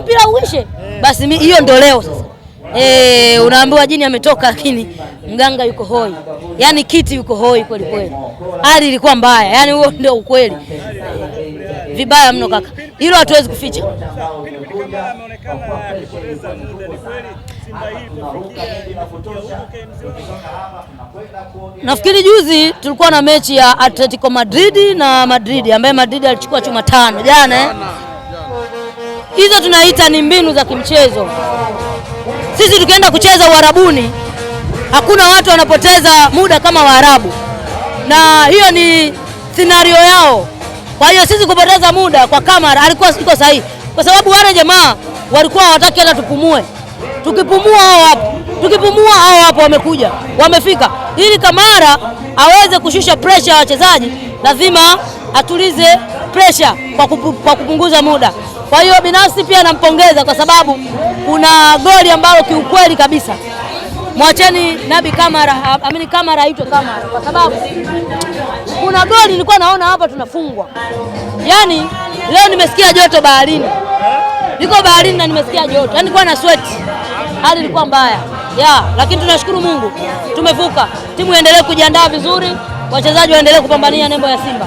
mpira uishe, basi hiyo ndio leo sasa. Eh, unaambiwa jini ametoka, lakini mganga yuko hoi, yaani kiti yuko hoi kweli kweli. Hali ilikuwa mbaya, yaani huo ndio ukweli, eh, vibaya mno kaka, hilo hatuwezi kuficha. Nafikiri juzi tulikuwa na mechi ya Atletico Madrid na Madrid ambaye Madrid alichukua chuma tano jana eh? Hizo tunaita ni mbinu za kimchezo. Sisi tukienda kucheza Uarabuni hakuna watu wanapoteza muda kama Waarabu, na hiyo ni scenario yao. Kwa hiyo sisi kupoteza muda kwa kamera alikuwa siko sahihi, kwa sababu wale jamaa walikuwa hawataki hata tupumue. Tukipumua hao hapo, tukipumua hao hapo, wamekuja wamefika. Ili kamara aweze kushusha presha ya wachezaji, lazima atulize presha kwa kupunguza muda. Kwa hiyo binafsi pia nampongeza kwa sababu kuna goli ambalo kiukweli kabisa mwacheni Nabi Kamara, amini Kamara aitwe Kamara kwa sababu kuna goli nilikuwa naona hapa tunafungwa. Yaani leo nimesikia joto baharini, niko baharini na nimesikia joto, yaani nilikuwa na sweat, hali ilikuwa mbaya ya, lakini tunashukuru Mungu tumevuka. Timu iendelee kujiandaa vizuri, wachezaji waendelee kupambania nembo ya Simba.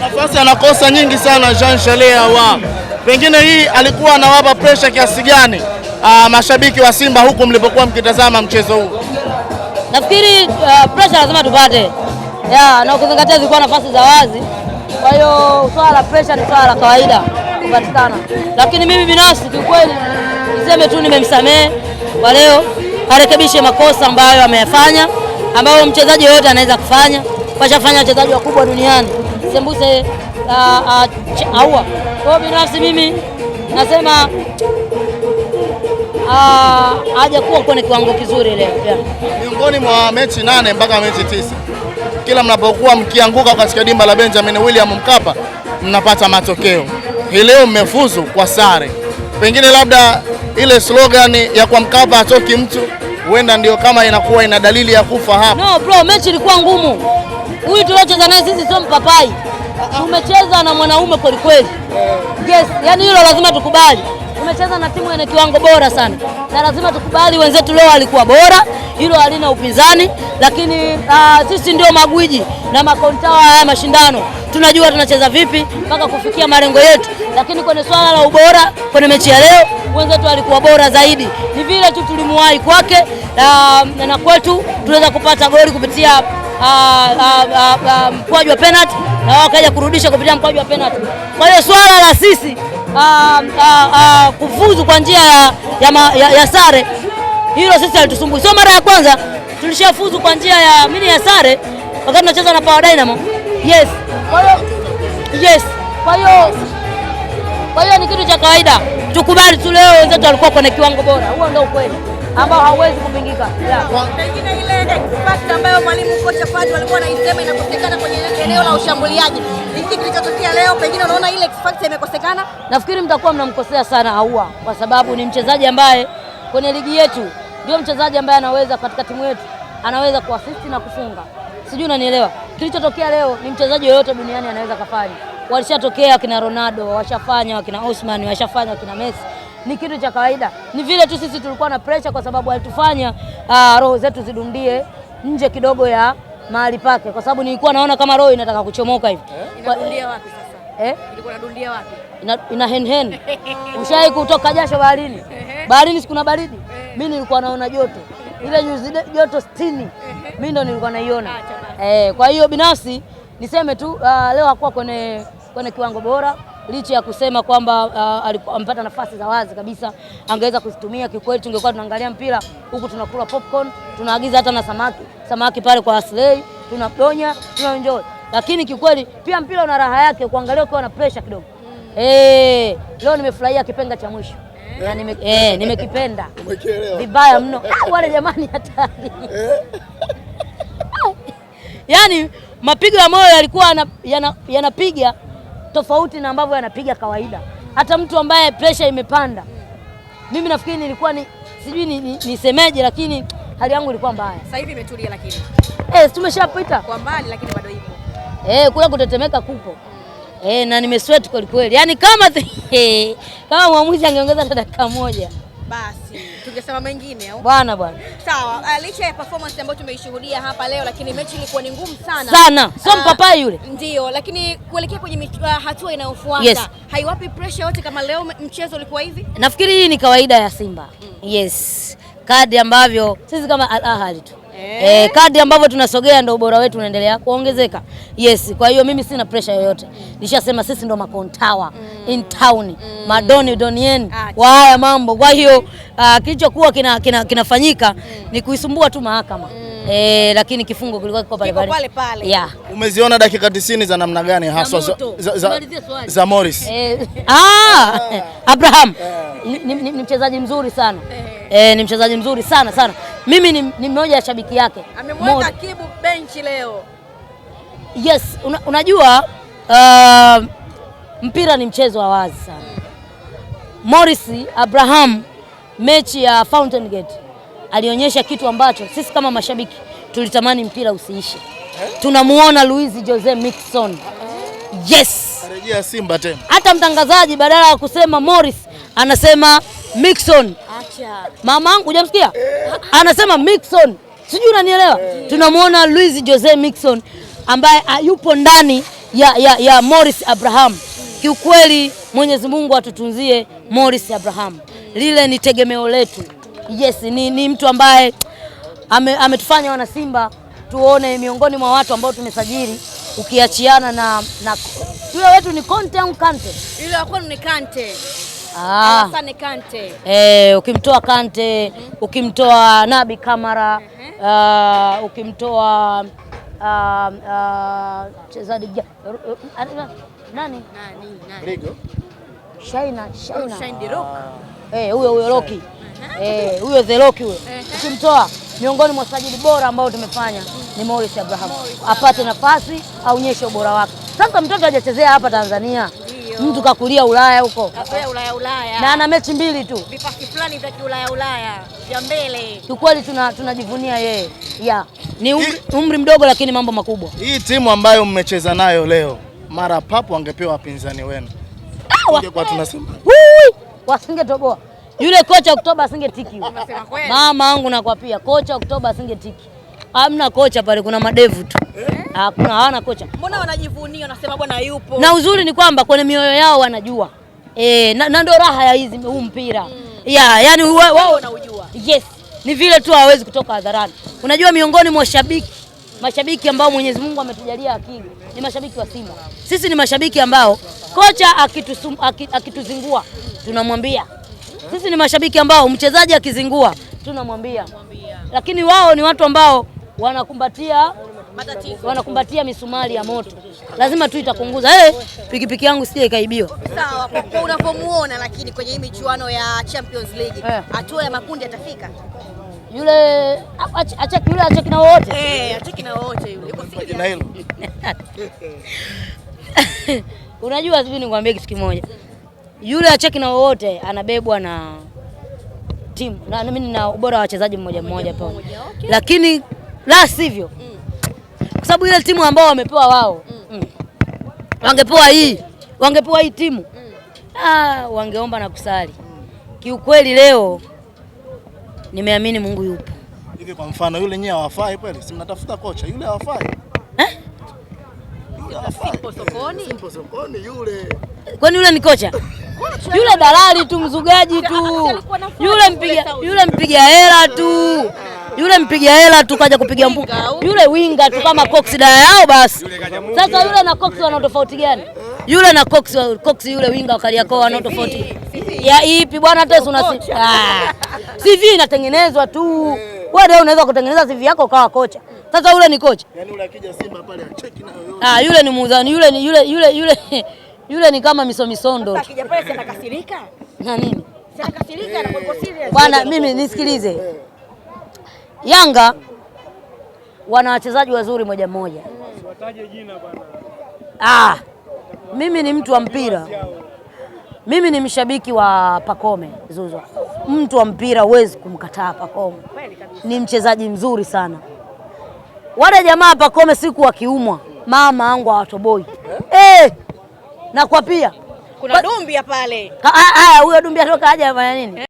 Nafasi anakosa nyingi sana Jean Shalea wa pengine hii alikuwa anawapa presha kiasi gani uh, mashabiki wa Simba huku mlipokuwa mkitazama mchezo huu? Nafikiri uh, ah, presha lazima tupate ya, na ukizingatia zilikuwa nafasi za wazi, kwa hiyo swala la presha ni swala la kawaida kupatikana, lakini mimi binafsi kiukweli niseme tu nimemsamehe kwa leo, arekebishe makosa ambayo ameyafanya, ambayo mchezaji yoyote anaweza kufanya, washafanya wachezaji wakubwa duniani sembuse ah, aua kwa hiyo binafsi mimi nasema ah, hajakuwa kwenye kiwango kizuri leo. Miongoni mwa mechi nane mpaka mechi tisa, kila mnapokuwa mkianguka katika dimba la Benjamin William Mkapa mnapata matokeo. Hii leo mmefuzu kwa sare, pengine labda ile slogan ya kwa Mkapa hatoki mtu huenda ndio kama inakuwa ina dalili ya kufa hapa. No bro, mechi ilikuwa ngumu. Huyu tuliocheza naye sisi sio mpapai Tumecheza na mwanaume kweli. yes, yani hilo lazima tukubali. Tumecheza na timu yenye kiwango bora sana, na lazima tukubali wenzetu leo walikuwa bora, hilo halina upinzani, lakini uh, sisi ndio magwiji na wa haya mashindano tunajua tunacheza vipi mpaka kufikia malengo yetu, lakini kwenye swala la ubora kwenye mechi ya leo wenzetu walikuwa bora zaidi. Ni vile tu tulimuwahi kwake na, ah, na kwetu tunaweza kupata goli kupitia Ah, ah, ah, mkwaju wa penalty na wao wakaja kurudisha kupitia mkwaju wa penalty. Kwa hiyo swala la sisi kufuzu kwa njia ya, ya, ya, ya sare hilo sisi halitusumbui. Sio mara ya kwanza tulishafuzu kwa njia ya mini ya sare wakati tunacheza na Power Dynamo. Yes. Kwa hiyo yes. Kwa hiyo kwa hiyo ni kitu cha kawaida, tukubali tu. Leo wenzetu walikuwa kwenye kiwango bora, huo ndio ukweli ambao hauwezi kupingika. Pengine ile fact ambayo mwalimu kocha Fadi alikuwa anaisema inakosekana kwenye eneo la ushambuliaji, hiki kilichotokea leo, pengine unaona ile fact imekosekana. Nafikiri mtakuwa mnamkosea sana Aua kwa sababu ni mchezaji ambaye kwenye ligi yetu ndio mchezaji ambaye anaweza katika timu yetu anaweza kuasisti na kufunga, sijui unanielewa. Kilichotokea leo ni mchezaji yoyote duniani anaweza kafanya. Walishatokea wakina Ronaldo, washafanya wakina Osman, washafanya wakina Messi ni kitu cha kawaida, ni vile tu sisi tulikuwa na pressure kwa sababu alitufanya uh, roho zetu zidundie nje kidogo ya mahali pake, kwa sababu nilikuwa naona kama roho inataka kuchomoka hivi eh? Eh? Ina, ina hen hen ushai kutoka jasho baharini eh. baharini, si kuna baridi? Mimi eh. nilikuwa naona joto ile nyuzi joto 60 eh. mimi ndo nilikuwa naiona eh. Kwa hiyo binafsi niseme tu uh, leo hakuwa kwenye kwenye kiwango bora licha ya kusema kwamba uh, amepata nafasi za wazi kabisa angeweza kuzitumia. Kiukweli tungekuwa tunaangalia mpira huku tunakula popcorn, tunaagiza hata na samaki samaki pale kwa aslei, tuna tunaenjoy, lakini kiukweli pia mpira una raha yake kuangalia ukiwa na pressure kidogo. Mm. Hey, eh, leo nimefurahia kipenga cha mwisho eh? na nime, eh, nimekipenda vibaya mno ah, wale jamani, hatari eh? yaani mapigo ya moyo yalikuwa yanapiga yana tofauti na ambavyo anapiga kawaida. Hata mtu ambaye pressure imepanda, mimi nafikiri nilikuwa ni sijui nisemeje ni, ni lakini hali yangu ilikuwa mbaya. Sasa hivi imetulia lakini. Eh, tumeshapita kwa mbali lakini bado ipo. Eh, kula kutetemeka kupo. Eh, na nimesweat kwa kweli. Yaani kama kama mwamuzi angeongeza dakika moja basi tungesema mengine au bwana bwana, sawa. Uh, licha ya performance ambayo tumeishuhudia hapa leo, lakini mechi ilikuwa ni ngumu sana sana, sio uh, mpapai yule ndio, lakini kuelekea kwenye ah, hatua inayofuata yes. Haiwapi pressure yote kama leo mchezo ulikuwa hivi? Nafikiri hii ni kawaida ya Simba mm. Yes, kadi ambavyo sisi kama Al Ahly tu E, kadri ambavyo tunasogea ndio ubora wetu unaendelea kuongezeka. Yes, kwa hiyo mimi sina pressure yoyote. Nishasema sisi ndo makontawa mm. in town mm. madoni donieni ah, wa haya mambo. Kwa hiyo uh, kilichokuwa kina, kina, kinafanyika mm. ni kuisumbua tu mahakama mm. e, lakini kifungo kilikuwa kiko pale pale pale. Yeah. Umeziona dakika 90 za namna gani haswa za, za, za, za Morris? E, ah, Abraham yeah. Ni, ni, ni mchezaji mzuri sana Eh, E, ni mchezaji mzuri sana sana mimi ni, ni mmoja ya shabiki yake. Amemweka Kibu benchi leo. Yes, una, unajua uh, mpira ni mchezo wa wazi sana. Morris Abraham mechi ya Fountain Gate alionyesha kitu ambacho sisi kama mashabiki tulitamani mpira usiishe. Eh? Tunamuona Luis Jose mixon Yes. Arejea Simba tena. Hata mtangazaji badala ya kusema Morris anasema mixon Acha. Mamangu hujamsikia? Anasema Mixon. Sijui unanielewa? Eh. Tunamuona Luis Jose Mixon ambaye ah, yupo ndani ya, ya, ya Morris Abraham. Kiukweli Mwenyezi Mungu atutunzie Morris Abraham. Lile ni tegemeo letu. Yes, ni, ni mtu ambaye ametufanya ame wana Simba tuone miongoni mwa watu ambao tumesajili ukiachiana na na yule wetu ni Conte au Kante? Yule alikuwa ni Kante. Ah. Kante. Eh, ukimtoa Kante ukimtoa Nabi Kamara uh, ukimtoa ah, ah, mchezaji uh, uh, nani? Nani, nani? Shaina, Shaina. Oh, eh, huyo huyo Roki uh-huh. eh, huyo the Roki huyo uh-huh. ukimtoa miongoni mwa sajili bora ambao tumefanya ni Morris Abraham apate nafasi aonyeshe ubora wake. Sasa mtoto hajachezea hapa Tanzania mtu kakulia Ulaya huko Ulaya, Ulaya. na ana mechi mbili tu vipaki fulani vya Ulaya, Ulaya vya mbele. Kiukweli tunajivunia tuna yeye yeah. ni umri, umri mdogo lakini mambo makubwa. Hii timu ambayo mmecheza nayo leo mara papo angepewa wapinzani wenu ah, wasingetoboa yule kocha Oktoba asingetiki. Mama angu nakwapia kocha Oktoba asingetiki hamna kocha pale, kuna madevu tu eh? hakuna, hawana kocha. Mbona wanajivunia wanasema bwana yupo? Na uzuri ni kwamba kwenye mioyo yao wanajua e, na ndio raha ya hizi huu mpira mm. yeah, yani wao wanaujua. Yes, ni vile tu hawawezi kutoka hadharani. Unajua, miongoni mwa shabiki mashabiki ambao Mwenyezi Mungu ametujalia akili ni mashabiki wa Simba. Sisi ni mashabiki ambao kocha akitusum, akituzingua tunamwambia. Sisi ni mashabiki ambao mchezaji akizingua tunamwambia, lakini wao ni watu ambao wanakumbatia matatizo, wanakumbatia misumari ya moto, lazima tu itapunguza. Hey, eh, pikipiki yangu sije ikaibiwa. Sawa, kwa unapomuona. Lakini kwenye hii michuano ya Champions League eh. hatua hey, ya makundi atafika yule, acheki yule, acheki na wote eh, acheki na wote yule, kwa hilo unajua, sivyo? Nikwambie kitu kimoja, yule acheki na wote anabebwa na timu na mimi na ubora wa wachezaji mmoja mmoja Okay. lakini la sivyo mm. kwa sababu ile timu ambao wamepewa wao mm. Mm. wangepewa hii wangepewa hii timu mm. ah, wangeomba na kusali mm. Kiukweli leo nimeamini Mungu yupo. Hivi kwa mfano yule nyie hawafai kweli? Si mnatafuta kocha yule hawafai eh? Kwani yule ni kocha? Yule dalali tu, mzugaji tu, yule mpiga yule mpiga hela tu yule mpiga hela tukaja kupiga mbuka yule winga tu kama Cox da yao basi. Sasa yule na Cox wana tofauti gani? Yule na Cox Cox yule winga wa Kariakoo wana tofauti ya ipi bwana? si CV ah. inatengenezwa tu eh. wewe leo unaweza kutengeneza CV yako ukawa kocha. Sasa yule ni kocha. yani, yule akija Simba pale acheki na yoyote. Ah, yule ni muuzani, yule ni yule yule yule yule ni kama misomisondo. Akija pale si anakasirika? Na nini? Si anakasirika na kwa serious. Bwana mimi nisikilize. Eh. Yanga wana wachezaji wazuri moja moja. Wataje jina bwana. Ah, mimi ni mtu wa mpira, mimi ni mshabiki wa pakome Zouzoua. Mtu wa mpira huwezi kumkataa pakome ni mchezaji mzuri sana. Wale jamaa pakome siku wakiumwa mama angu awatoboi eh, eh na kwa pia kuna Dumbia pale. Haya, huyo Dumbia toka aje afanya nini? Eh?